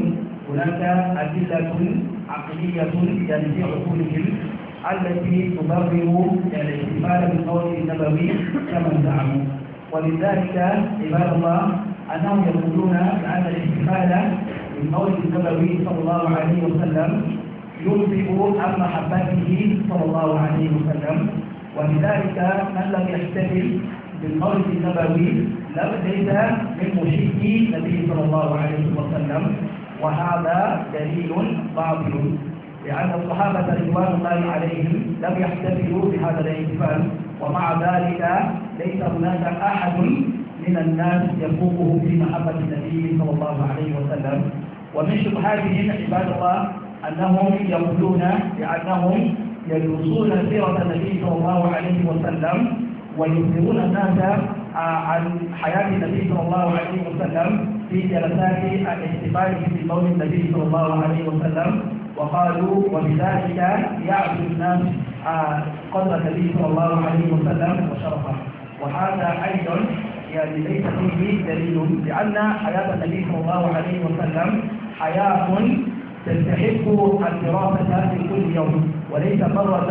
هناك أدلة عقلية يعني في عقولهم التي تبرر الاحتفال بالمولد النبوي كما زعموا ولذلك عباد الله أنهم يقولون بأن الاحتفال بالمولد النبوي صلى الله عليه وسلم ينبئ عن محبته صلى الله عليه وسلم ولذلك من لم يحتفل بالقول النبوي لم ليس من مشرك النبي صلى الله عليه وسلم وهذا دليل باطل لأن الصحابة رضوان الله عليهم لم يحتفلوا بهذا الاحتفال ومع ذلك ليس هناك أحد من الناس يفوقه في محبة النبي صلى الله عليه وسلم ومن شبهاتهم عباد الله أنهم يقولون بأنهم يدرسون سيرة النبي صلى الله عليه وسلم ويخبرون الناس آه، عن حياة النبي صلى الله عليه وسلم في جلسات الاحتفال بموت النبي صلى الله عليه وسلم وقالوا وبذلك يعرف الناس آه، قدر النبي صلى الله عليه وسلم وشرفه وهذا أيضا يعني ليس فيه دليل لأن حياة النبي صلى الله عليه وسلم حياة تستحق الدراسة في كل يوم وليس مرة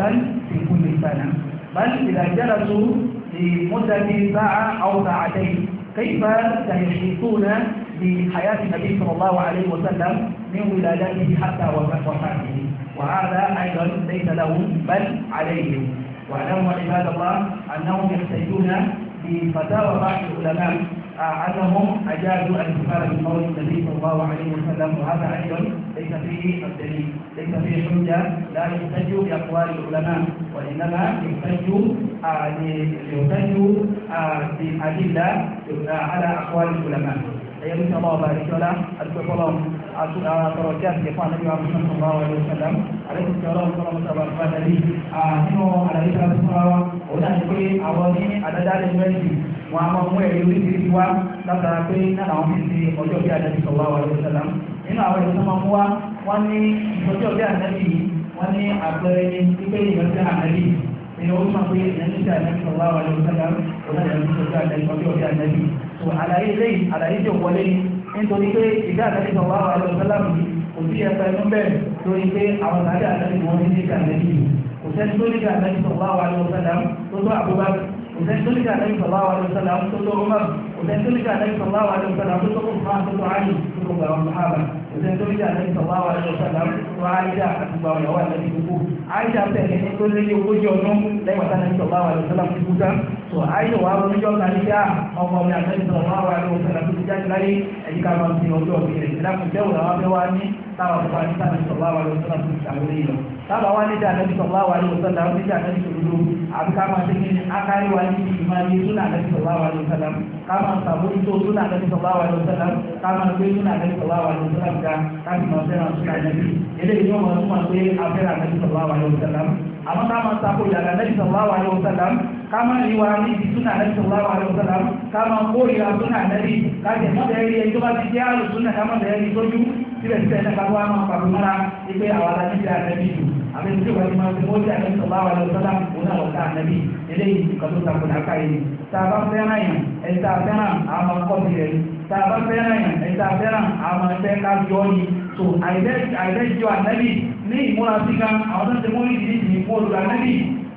في كل سنة بل إذا جلسوا لمدة ساعة أو ساعتين كيف سيحيطون بحياة النبي صلى الله عليه وسلم من ولادته حتى وفاته وهذا أيضا ليس لهم بل عليهم واعلموا عباد الله أنهم يحتجون بفتاوى بعض العلماء آه، أنهم أجازوا الاحتفال قول النبي صلى الله عليه وسلم وهذا أيضا ليس فيه الدليل ليس فيه حجة لا يحتج بأقوال العلماء وإنما يحتج يحتج بأدلة على أقوال العلماء ẹ̀yẹ́ ní sọ́mọ́ ọba ìṣọ́lá àtúpẹ́fọ́lọ́ àtúrọ̀ tí a ti fún àlejò àmúṣe ọba wa ìlú sẹ́lẹ̀m àlejò tí ọlọ́run sọ́mọ́ sọ́mọ́ ọba tẹ̀lé nínú àlàyé tí a ti fúnra wa òun náà ni pé àwọn ní àdádálẹ̀ mẹ́rin wọn a máa mú ẹ̀rí oríṣiríṣi wá látara pé náà àwọn fi ṣe ọjọ́ bí àdájọ́ sọ́mọ́ wa ìlú sẹ́lẹ̀m nínú àwọn ìlú máa mú wa wọ́n ní ìtọ́jú ọ̀bí ànábì yìí wọ́n ní àpẹẹrẹ ní pípé ìrẹsì ànábì èyí ó máa pé ìrẹsì ànábì ọ̀la wà lóṣù sẹ́dá ọ̀la ìrẹsì ànábì tó àlàyé lẹ́yìn àlàyé tí ò wọlé ni nítorí pé ìdá ànábì ọ̀la wà àwọn àlàyé ànábì kò sẹ́ni tó ní ìkànnì ọ̀la wà lóṣù sẹ́dá tó tó àbúbá òsèntólíkà àdáyé sọláwà àdókòsálà àtúntò Umar òsèntólíkà àdáyé sọláwà àdókòsálà àtúntò Usman àtúntò Ali àtúntò gbàrà Sahaba òsèntólíkà àdáyé sọláwà àdókòsálà àtúntò Aisha àti gbàrà yàwó àdáyé gbogbo Aisha tẹ̀lé ní tó léyé ogójì ọdún lẹ́yìn wàtá àdáyé sọláwà àdókòsálà àtúntò gbà tó Aisha wà lórí ọjọ́ kan níjà ọmọ mi àdáyé sọláwà àdókòsálà àtúntò jáde láyé ẹ̀yí ká máa ti ọjọ́ òbí rẹ̀ ìdákùn tẹ́wò làwọn fẹ́ wá ní táwọn àtúntò àti sọláwà àdókòsálà àtúntò ṣàwọlé yìí lọ táwọn wá níjà àdáyé sọláwà àdókòsálà àtúntò jáde àti ká máa tẹ́kẹ́ ní akárí wa ní Sallallahu Alaihi Wasallam. àdẹ́sí sọ̀rọ̀ àwọn àdó sẹ́lá ká máa sàbójú tó súnà àdẹ́sí sọ̀rọ̀ àwọn àdó sẹ́lá ká máa gbé súnà àdẹ́sí sọ̀rọ̀ àwọn àdó sẹ́lá ga ká sì máa fẹ́ràn súnà àdẹ́sí eléyìí yóò máa túmọ̀ pé afẹ́ràn àdẹ́sí sọ̀rọ̀ àwọn àdó sẹ́lá àmọ́ ká máa sako ìlànà àdẹ́sí sọ̀rọ̀ àwọn àdó sẹ́lá ká máa rí wa ní ti súnà àdẹ́sí sọ̀rọ̀ àwọn àdó sẹ́lá ká máa kórìíra súnà àdẹ́sí ká ti jẹ́ àrùn súnà ká mọ́ bẹ́ẹ̀ rí lójú síbẹ̀síbẹ̀ náà ká wá máa pàdé mọ́ra wípé àwọn alájíṣẹ́ àdẹ́sí jù àtẹni tí wọ́n ti máa ń fún ọjà ní sọ̀bá wa lọ sọ́dá òun náà lọ́ta ànábì eléyìí nǹkan tó takò náà káyé ni tá a bá fẹ́ràn yàn ẹni tá a fẹ́ràn àwọn máa kọ́ sílẹ̀ ni tá a bá fẹ́ràn yàn ẹni tá a fẹ́ràn àwọn máa fẹ́ ká jọ ni tó àìlẹ́jọ ànábì ní ìmúra síga àwọn tó ti mú ìdí ìdí fún olùdó ànábì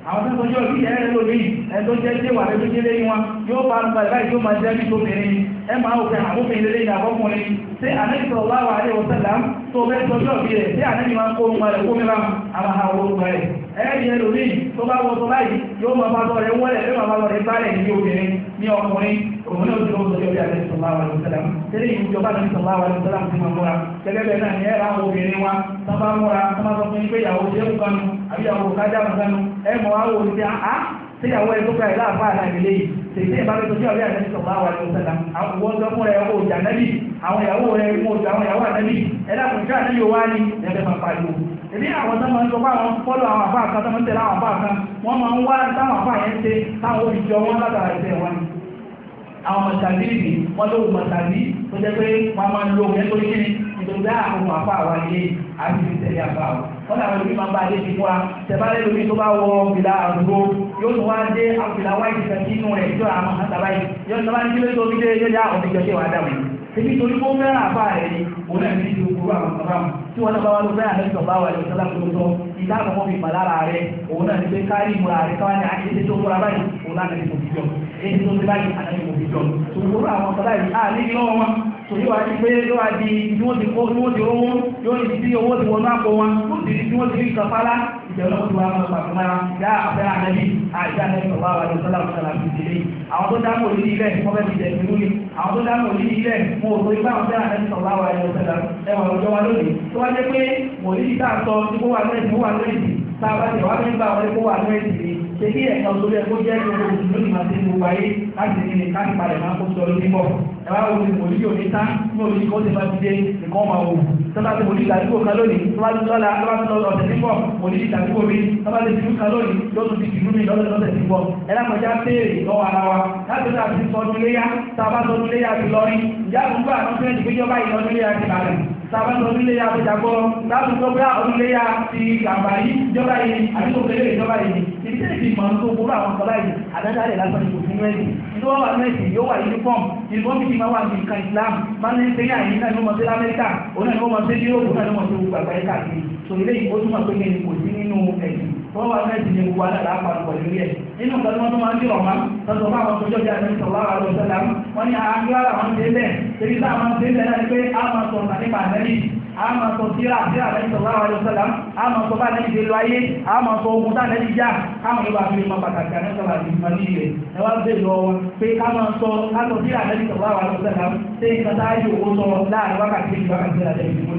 àwọn tó ń sọjọ́ bí ẹ̀rẹ́ lómi ẹ̀ tó jẹ́ déwà lẹ́tọ́jẹ́ lẹ́yìn wọn yóò bá ń pa ìbáyìí tó máa jẹ́ bí tó bẹ̀rẹ̀ ẹ máa wò pé àbúfin lélẹ́ ìdá àbọ́kùnrin tí ànábì sallallahu alaihi wasallam tó bẹ́ẹ̀ tọ́jú ọ̀bí rẹ̀ tí ànábì máa ń kó ohun rẹ̀ kó mi máa àwọn àwọn orúkọ rẹ̀ ẹ̀ẹ́dì ẹlòmíì tó bá wọ́n tó báyìí yóò máa bá lọ́rẹ̀ wọ́lẹ̀ yóò máa bá lọ́rẹ̀ bálẹ̀ ní obìnrin ní ọkùnrin òun náà dúró sórí ọbẹ̀ àti sallallahu alaihi wasallam tẹ́lẹ̀ yìí ìjọba àti sallallahu alaihi wasallam ti máa múra gẹ́gẹ́ bẹ́ẹ̀ náà ní síyàwó ẹ̀ tó gba ìlà àpá àlàyé yìí tètè ìbámu tó síyàwó yàrá ní sọ̀rọ̀ àwọn àlejò sẹ́la àwọn wọ́n gbọ́ rẹ̀ ó jà nẹ́bí àwọn ìyàwó rẹ̀ ó jà àwọn ìyàwó ànẹ́bí ẹ̀dá kò sí ànẹ́bí wá ní ẹ̀dẹ́ máa pariwo. èmi àwọn tó máa ń sọpá àwọn fọ́lọ̀ àwọn àbá kan tó máa ń tẹ̀lé àwọn àbá kan wọ́n máa ń wá táwọn àbá yẹn ṣe táwọn òbíjọ wọn látara ẹsẹ̀ wọn àwọn mọ̀tàbí ni wọ́n ló wù mọ̀tàbí tó jẹ́ pé wọ́n máa ń lo òun yẹn tó ní kí àwọn àbá wa yé àbí ìtẹ̀lé àbá wa wọ́n ní àwọn ìlú máa ń bá adé ti fún wa tẹ̀bálẹ́ lómi tó bá wọ fìlà àdúgbò yóò tún wá dé àfìlà wáìtì kan inú rẹ̀ yóò rà máa ń yóò tún bá ní kílé tó dé yóò dá òfin jọ sí wàá dà torí kó fẹ́ràn àfa rẹ̀ ni òun náà ti di òkúrú àwọn bàbá mu tí wọ́n dábàá wá ló fẹ́ràn lẹ́sọ̀ bá wà lọ́sọ̀lá tó sọ ìdá àkọ́kọ́ fi pàlára rẹ̀ òun náà ti fẹ́ kárí ìmúra rẹ̀ káwá ní àyè ah, tó múra báyìí òun náà ti fi jọ èyí tó ti báyìí àná torí wá ti pé ló wá di bí wọ́n ti kó bí wọ́n ti owó yóò ní bí owó ti wọnú àpò wọn ó ti di bí wọ́n ti rí nǹkan fálá ìbẹ̀rù ọ̀tún wa máa pàtó mára yá àfẹ́ ànábì àìsí ànábì ọ̀bá wa lọ́sọ́ láwọn sọ̀rọ̀ àti ìdílé àwọn tó dá mọ̀ nídìí ilẹ̀ wọ́n fẹ́ fi jẹ̀ ìlú ni àwọn tó dá mọ̀ nídìí ilẹ̀ mo rò pé báwọn fẹ́ ànábì ọ̀bá wa lọ́sọ̀rọ̀ ẹwà ọjọ́ wa lónìí tó wá jẹ́ pé mọ̀ nídìí tá a sọ tí kó wà lẹ́yìn kó wà lẹ́yìn tá a bá tẹ̀ wá nígbà wọlé kó wà lẹ́yìn ni ṣe kí ẹ̀ka òṣèlú ẹ̀kọ́ jẹ́ gbogbo òṣèlú ìmọ̀ láti ní káàkiri palẹ̀ máa kó sọ lórí bọ̀ ẹ wá wọlé wòlíì òní tán ní òní kó ṣe bá ti dé nìkan máa wò tọ́ba ti wòlíì ìdádúgbò kan lónìí tọ́ba ti lọ́la tọ́ba ti lọ́la ọ̀sẹ̀ níbọ̀ wòlíì ìdádúgbò mi tọ́ba ti dùn kan lónìí lóṣù ti dùn mí lọ́sẹ̀ lọ́sẹ̀ níbọ̀ ẹ lápẹjá béèrè lọ́wọ́ ara wa láti ta ti sọ níléyà tàbá sọ níléyà ti lọ rí ìyá àdúgbò àtúntẹ́ẹ̀dì péjọba ìlọ láti sọ pé àwọn níléyà ti gàmbá yìí ìjọba yìí àdúgbò pẹ̀lú ìjọba yìí ìdílé ìgbìmọ̀ tó gbogbo àwọn kọlá yìí àdájá rẹ̀ lásán ìkòfin mẹ́rin ìlú wà mẹ́sì yóò wà uniform ìlú wọn fi máa wà ní nǹkan Islam máa ní sẹ́yà yìí náà ni wọ́n mọ̀ sí lamẹ́ríkà òun náà ni wọ́n mọ̀ sí yúróòpù náà ni wọ́n mọ̀ sí gbàgbà ẹ̀ka kiri so ilé yìí ó túmọ̀ pé kí kò sí nínú ẹ̀sìn wọ́n wà mẹ́sì ní gbogbo alára àpapọ̀ lórí ẹ̀ nínú nǹkan tí wọ́n tún máa ń dì ọ̀ma lọ́sọ̀ fún àwọn sọ́jọ́ bí àti sọ̀rọ̀ àwọn ọ̀sẹ̀ làwọn wọ́n ní àgbẹ̀ àwọn ṣe bẹ́ẹ̀ àmọ́ sọ síra àti àlẹ́ ìsọ̀lá wa lọ́sọ̀lá àmọ́ sọ bá ní ìdè lọ ayé àmọ́ sọ ogun tá àlẹ́ ìjà káwọn yóò bá fi mọ pàtàkì àlẹ́ ìsọ̀lá àti ìmọ̀ ní ilẹ̀ ẹ wá bẹ̀ lọ pé káwọn sọ káwọn sí àlẹ́ ìsọ̀lá wa lọ́sọ̀lá ṣé nǹkan tá yóò wó sọ láàrin wákàtí méjì wákàtí àlẹ́ ìsọ̀lá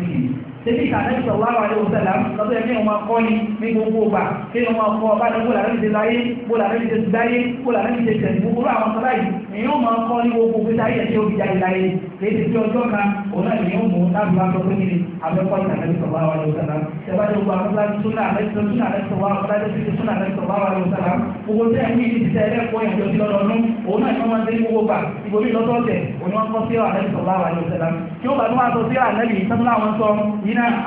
tẹbi ìtànẹ́bí sọ̀rọ̀ àlẹ́ òṣèlá lọ́tọ́ ẹ̀mí ọmọ akọ́ ni ní gbogbo ọba kí ọmọ akọ́ ọba ní bó làrẹ́bí ti láyé bó làrẹ́bí ti gbáyé bó làrẹ́bí ti tẹ̀sí gbogbo àwọn ọmọ láyé èyí ó máa kọ́ ní gbogbo pé táyé ẹ̀ṣẹ́ òbí jáde láyé lẹ́yìn tí ọjọ́ kan òun náà mú láti wá sọ pé kí ni abẹ́kọ́ ìtàkàlẹ̀ sọ̀rọ̀ àwọn ọ̀rẹ́ sọ̀rọ̀ ṣẹ̀báyé ogun afúnlájú súnà àlẹ́sọ̀ súnà àlẹ́sọ̀ wà ọ̀dájú sí súnà àlẹ́sọ̀ wà ọ̀rẹ́ sọ̀rọ̀ gbogbo tí ẹ̀mí ti tẹ ẹlẹ́kọ̀ọ́ ìjọ sí lọ́dọọdún òun náà ni wọ́n máa ń tẹ́lẹ̀ gbogbo gbà ìbomi lọ́sọ̀ọ̀sẹ̀ òun wọ́n kọ́ sí àlẹ́sọ̀ wà ọ̀rẹ́ sọ̀rọ̀ tí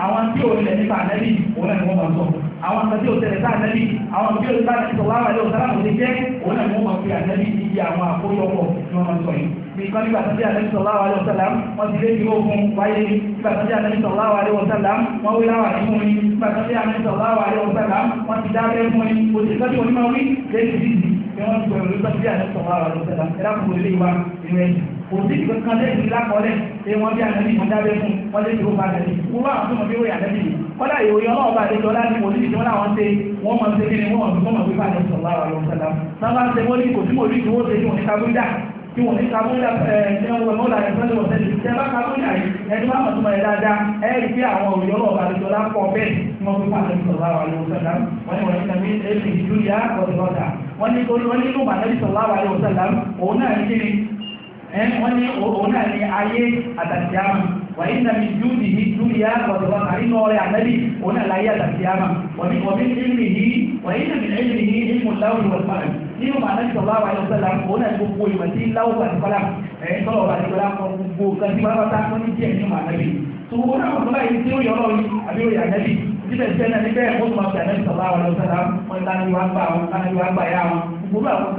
àwọn tí ò ni wọ́n máa sọ àwọn nǹkan tí ó tẹ̀lé sáà nẹ́bí àwọn nǹkan tí ó tẹ̀lé sáà nẹ́bí sọ̀rọ̀ àwọn ẹ̀lẹ́wọ̀n sáà kò ní jẹ́ òun náà ni wọ́n máa fi àlẹ́bí ibi àwọn àkójọpọ̀ tí wọ́n máa sọ yìí bí kan nígbà tó dé ànábì sallallahu alaihi wasallam wọ́n ti lé ìdúró fún wáyé nígbà tó dé ànábì sallallahu alaihi wasallam wọ́n wé láwà ní fún mi nígbà tó dé ànábì sallallahu alaihi wasallam wọ́n ti dábẹ́ fún mi kò sí sọ́jú onímọ̀ wí lẹ́yìn ìdíjì ni wọ́n ti gbẹ̀rù nígbà tó dé ànábì sallallahu alaihi wasallam ẹ̀dá kò lè wá inú ẹ̀ kò sí kankan lẹ́yìn ìlà kọ́lẹ̀ pé wọ́n bí ànábì wọ́n dábẹ́ fún wọ́n lé ìdúró fún ànábì wọ́n bá àwọn tó mọ̀ bí wọ́n yà lẹ́bí kọ́lá ìròyìn ọlọ́ọ̀bá àdéjọ́ láti wòlíì tí wọ́n láwọn ṣe wọ́n mọ̀ ṣe kí ni wọ́n mọ̀ bí wọ́n mọ̀ bí bá àdéjọ́ láwọn ṣe lọ́wọ́ sábà ń ṣe wọ́n ní kò sí mòlíì tí wọ́n ṣe ní òní kábúdà tí wọ́n ti kàmúlà ẹ̀ẹ́dẹ́gbẹ̀mọ́lá ìfẹ́lẹ́ ọ̀sẹ̀ yìí tẹ́ bá kàmúlà yìí ẹni bá mọ̀tún ẹ̀ dáadáa ẹ̀ẹ́dì pé àwọn òyìn ọlọ́ọ̀bà àti ìjọba pọ̀ bẹ́ẹ̀ tí wọ́n fi pàṣẹ ìṣọ̀lá wà lóhùn sọ̀lá wọ́n ní wọ́n ní kàmí ẹ̀ẹ́dì ìdúyà ọ̀dọ̀ọ̀dà wọ́n ní torí wọ́n nínú màtẹ́bí sọ̀lá wà lóhùn sọ̀lá òun náà ní kíni wọ́n ní òun náà ní ayé àtàkìyàmà وإن من جوده الدنيا وتوقعين وراء النبي هنا لا يدى القيامة ومن علمه وإن من علمه علم اللون nínú màá náà sọ̀rọ̀ àwọn ayọ̀ sẹ́la òun náà gbogbo ìmọ̀ sí láwùjọ àti kọ́lá ẹ̀ sọ̀rọ̀ ọ̀rọ̀ àti kọ́lá kan gbogbo kan tí wọ́n bá tá wọ́n ní díẹ̀ nínú màá náà bì tó owó náà wọ́n báyìí tí ó yọ ọ́ yìí àbí ó yà nẹ́bì níbẹ̀ tí ẹ̀nà níbẹ̀ ó tún máa fi àná sọ̀rọ̀ àwọn ayọ̀ sẹ́la wọn láni wá gbà wọn láni wá gbà yá wọn gbogbo àwọn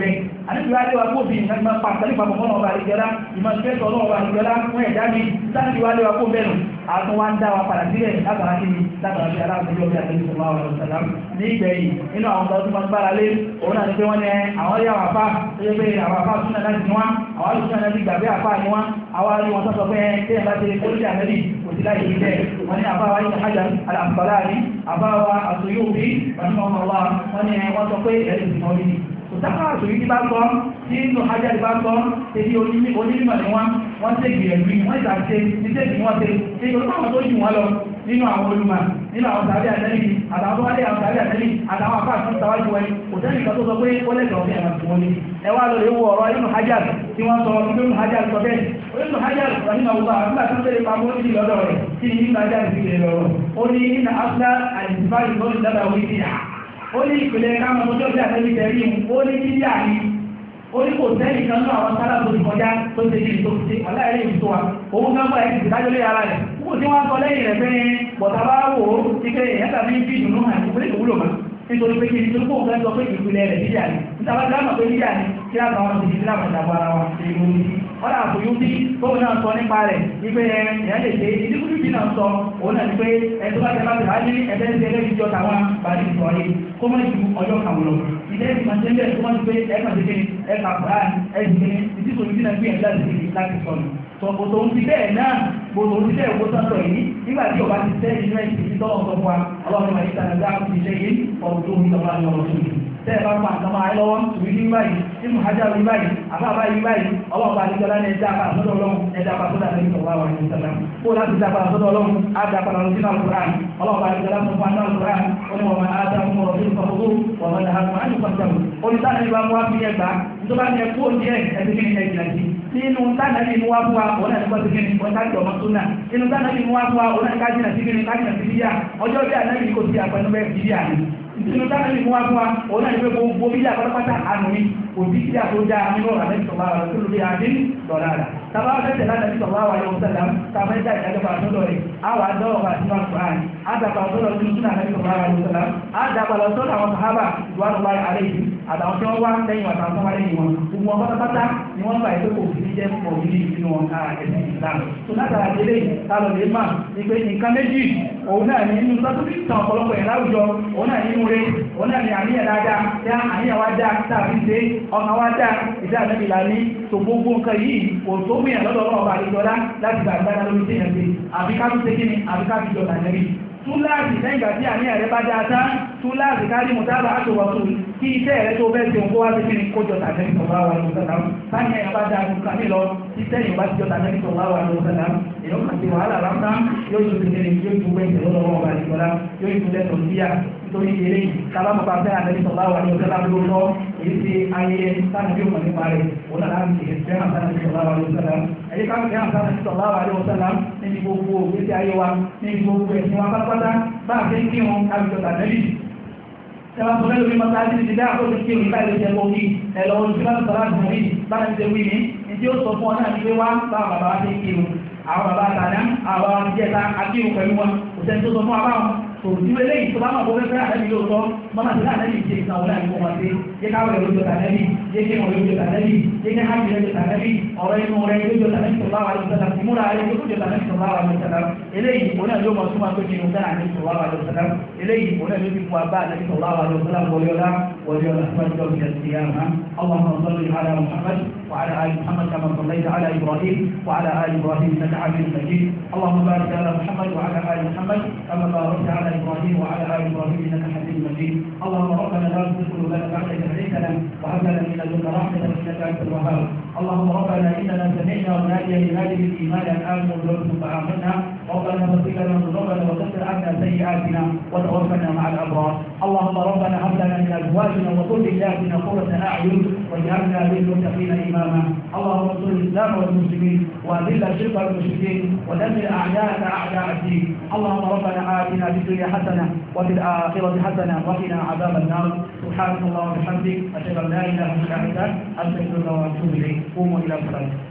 kan àdébí wa lé wa kó bí nǹkan máa pa àtàlí papọ̀ mọ́nà ọba àdìjọ́lá ìmọ̀ ìfẹ́sọ̀ ọlọ́run ọba àdìjọ́lá fún ẹ̀dá mi sáàbí wa lé wa kó bẹ́ẹ̀ nù àtún wa ń dá wa padà sílẹ̀ látara kí ni látara bí aláàbẹ̀jọ́ bí àtẹ̀lé sọ̀rọ̀ àwọn ọ̀rọ̀ sàlám ní ìgbẹ̀yìn nínú àwọn ọ̀dọ́ tó máa ń gbára lé òun náà ni pé wọ́n ní àwọn yà wà fà tó yẹ pé àwọn afá súnà láti ní wá àwọn alùsùn náà ti gbàgbé àfá ni wá àwọn ni wọ́n sọ pé kéèyàn bá ti lè kórìí àmẹ́lì kò sí láyé ilẹ̀ wọ́n ní àfá wa ní hajar alàǹfààní àfá wa àtúnyóòbí pàṣẹ ọmọ wa wọ́n ní wọ́n sọ pé ẹ̀rí ìsìn òtàkàrà sòrí ti bá sọ tí nínú hajj bá sọ èyí onímọ̀ ni wọ́n wọ́n ṣe gbìyànjú wọ́n ìgbà ṣe iṣẹ́ tí wọ́n ṣe èyí olùkọ́ tó jù wọ́n lọ nínú àwọn olùmọ̀ nínú àwọn tàbí àtẹ́lì àtàwọn wálé àwọn tàbí àtẹ́lì àtàwọn afá àti tàwájú wọn òtẹ́lì kan tó sọ pé ó lẹ́tọ̀ọ́ bí àwọn tìwọ́n ni ẹ wá lọ lè wo ọ̀rọ̀ inú hajj tí wọ́n sọ inú hajj sọ bẹ́ẹ̀ inú hajj rahima wùbá nígbà tí wọ́n tẹ̀lé pamọ́ sí lọ́dọ̀ rẹ̀ kí ni inú hajj fi lè lọ́rọ̀ ó ní inú afla àìsífà ìgbọ́n ìdábàá wí sí yàrá ó ní ìpìlẹ̀ káwọn ọmọdé ọ̀sẹ̀ àtẹ́bí tẹ̀lé mu ó ní bídíà ni ó ní kò sẹ́yìn kan náà àwọn sábà tó ti kọjá tó ti di tó ti ọ̀la ẹ̀rí ìtò wa òun kan gbọ́dọ̀ ẹ̀sìn ìdájọ́ lé ara rẹ̀ kókò tí wọ́n sọ lẹ́yìn rẹ̀ pé bọ̀tà bá wò ó ti pé èèyàn tàbí ń fi ìdùnnú hàn ìwé ìwúlò mọ́ nítorí pé kí ni tó kóun fẹ́ sọ pé ìpìlẹ̀ rẹ̀ bídíà ni nítorí dáhùn pé bídíà ni kí á bá wọn ti di láwọn ìdàgbọ́ ara wa èèyàn ní wọ́n náà fòyún bí tóun náà sọ nípa rẹ̀ wípé ẹ̀yà lè ṣe ìdíkùdù bí náà sọ òun náà ní pé ẹ̀tọ́ bá tẹ bá tẹ bá ní ẹ̀tẹ́ ń ṣe ẹlẹ́yìn jọ tàwọn bá ní ìsọ̀rí kó má ju ọjọ́ kan lọ ìdẹ́ ìgbà tẹ́ bẹ́ẹ̀ tó má ti pé ẹ má ti kéde ẹ kà fà á ẹ ti kéde títí tòun ti náà gbé ẹ̀dá ti kéde láti sọnù tọ̀pọ̀ tòun ti bẹ́ẹ̀ náà gbogbo òun ti bẹ́ẹ̀ kó sọ̀tọ̀ yìí nígbà tí ọba ti tẹ́ inú ẹ̀sìn tí tọ́wọ́ sọ fún wa ọlọ́run máa yí sàdá ti ṣe yìí ọ̀dọ́ ìjọba ni ọ̀rọ̀ tó yìí tẹ́ nínú hajj àwọn ibáyì àbábá ibáyì ọlọ́run bá nígbà láti ẹja apá àtọ́dọ̀ ọlọ́run ẹja apá àtọ́dọ̀ àti ìtọ̀wá wà ní ìsàlám kó láti ẹja apá àtọ́dọ̀ ọlọ́run ájá apá àtọ́dọ̀ sínú àlùkùrán ọlọ́run bá nígbà láti fún àná àlùkùrán ó ní wọ́n máa dá fún ọ̀rọ̀ sínú fọ́fọ́fọ́ wọ́n máa dá fún àyè fọ́fọ́fọ́ ó ní sáà nígbà mú wá fi ẹgbà tó bá ní ẹkú òní ẹ ẹbí kí ni ẹ jìnà sí nínú sáà ní wá fún wa òun àti pọ́sí kí ni wọ́n ká jọ ọmọ tó náà nínú sáà ní wá fún wa òun àti ká sí kí ni ká sí bíyà ọjọ́ bí àná yìí kò sí àpẹnubẹ́ bíyà ni ìṣúná táwọn ẹni mú wá fún wa òun náà ní pé gbogbo bíjà pátápátá àánú ni kò sí bíjà tó dáa nínú ọ̀rọ̀ àmì sọ̀rọ̀ àwọn tó lórí adé lọ́la rà tàbá wọn tẹ̀sẹ̀ láti sọ̀rọ̀ àwọn ayọ̀ sẹ́lá tàbá ẹ̀dá ìdájọ́ bá tọ́lọ̀ rẹ̀ àwọn adọ́wọ̀ bá sínú àgbà rẹ̀ àdàpà tọ́lọ̀ tó sínú àmì sọ̀rọ̀ àwọn ayọ̀ sẹ́lá àdàpà lọ sọ́dọ̀ àwọn sàhábà ìwádọ́gba àlẹ́ yìí àtàwọn tí wọ́n wá lẹ́yìn àtàwọn tó wá lẹ́yìn wọn gbogbo wọn pátápátá ni wọ́n gbà ètò kò sí jẹ́ pọ̀ nínú ìfihàn ẹ̀sìn ìlànà tó látara délé tálọ̀ lè mà ní pé nǹkan méjì òun náà ní inú sọ́tún fi tàn ọ̀pọ̀lọpọ̀ yẹn láwùjọ òun náà ní inú rẹ òun náà ní àníyàn dáadáa dá àníyàn wá dáa tàbí ṣe ọkàn wá dáa ìdá àtẹ́bí là ní tó gbogbo nǹkan yìí kò tó mú yàn lọ́dọ̀ ọlọ́ọ̀bà àdéjọ́lá láti gbà gbára lórí sí yẹn ṣe àbí ká tún ṣe kí ni àbí fi jọ tàjẹ́rì túláàsì lẹ́yìn ìgbà àníyàn rẹ bá dáa tán túláàsì ká rí mọ̀tàbà àtòwọ́tò kí iṣẹ́ rẹ tó bẹ́ẹ̀ ṣeun kó wá sí kíni kó jọta àtẹ́bí sọ̀rọ̀ àwọn àlọ́ sọ̀rọ̀ báyìí ẹ̀yàn bá dáa nǹkan mi lọ iṣẹ́ yìí bá ti jọta àtẹ́bí sọ̀rọ̀ àwọn àlọ́ sọ̀rọ̀ èèyàn kàn ti wàhálà ráńtá yóò yóò ti kíni yóò ju wẹ́ẹ̀ tẹ̀lé lọ́wọ́ ọba àdìgbọ́lá yóò ju lẹ́tọ̀ níyà nítorí eré kábàmọ́pá fẹ́ àtẹ́bí sọ̀rọ̀ àwọn àlọ́ sọ̀rọ̀ lóòótọ́ èyí ti ayẹyẹ sáà bí òmùmí parẹ́ òun àlá ń ṣe fẹ́ àtàlẹ́ sọ̀rọ̀ àwọn àlọ́ sọ̀rọ̀ ẹ̀yẹ ká fẹ́ àtàlẹ́ sọ̀rọ̀ àwọn àlọ́ sọ̀rọ̀ níbi gbogbo ògbésí ayé wa níbi gbogbo tẹ́lá tó fẹ́ẹ́ lórí mọ́tàlá ti dáa tó fi kéwì báyìí lóṣẹ̀ bọ́ wí ẹ̀lọ́ orí tí láti sọ̀rọ̀ àgbọ̀n yìí báyìí ti wí mi ìdí ó sọ fún ọ náà nílé wá báwọn bàbá wa ti kéwì àwọn bàbá àtàná àwọn bàbá ti jẹta akéwì pẹ̀lú wọn kò sẹ́ni tó sọ fún abáwọn kò sí wẹ́lẹ́ yìí tó bá ọ̀rọ̀ inú rẹ̀ ilé jọta ní sallallahu alaihi wasallam ìmúra rẹ̀ ilé jọta ní sallallahu alaihi wasallam eléyìí òun náà yóò mọ̀ súnmọ́ pé kìnnìún dára ní sallallahu alaihi wasallam eléyìí òun náà yóò fi fún wa bá àlẹ́ يوم القيامة اللهم صل على محمد وعلى آل محمد كما صليت على إبراهيم وعلى آل إبراهيم إنك حميد مجيد اللهم بارك على محمد وعلى آل محمد كما باركت على إبراهيم وعلى آل إبراهيم إنك حميد مجيد اللهم ربنا لا تزغ قلوبنا بعد إذ هديتنا وهب لنا من لدنك رحمة إنك أنت الوهاب اللهم ربنا إننا سمعنا وناديا لهذه الإيمان الآن ونزلت فآمنا ربنا فاغفر لنا ذنوبنا وكفر عنا سيئاتنا وتوفنا مع الأبرار اللهم ربنا هب لنا من أزواجنا وذرياتنا قرة أعين واجعلنا للمتقين إماما اللهم انصر الإسلام والمسلمين وأذل شرك المشركين ودمر أعداءك أعداء الدين اللهم ربنا آتنا في الدنيا حسنة وفي الآخرة حسنة وقنا عذاب النار سبحانك اللهم وبحمدك أشهد أن لا إله إلا أنت أستغفرك وأتوب إليك قوموا إلى صلاتكم